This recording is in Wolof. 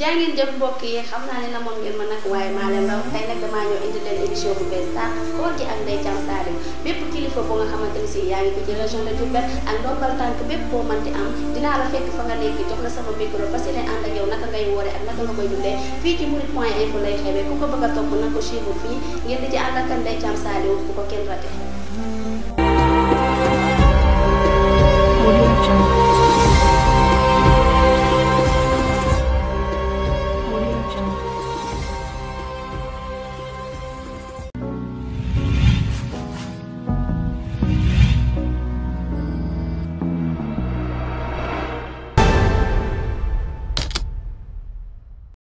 jaa ngeen jëf mbokk yi xam naa ne na moom ngeen ma nag waaye maa leen raw tey nag damaa ñëw indi leen émission bu bees sax koor gi ak Ndeye Thiam bépp kilifa bu nga xamante ni yaa ngi ko ci région de ak ndombal jox la sama micro parce que ne ànd ak yow naka ngay woore ak naka nga koy dundee fii ci murid point info xewee ku ko bëgg topp na ko suivre fii ngeen di ci ànd ak Ndeye Thiam Salim bu ko kenn rate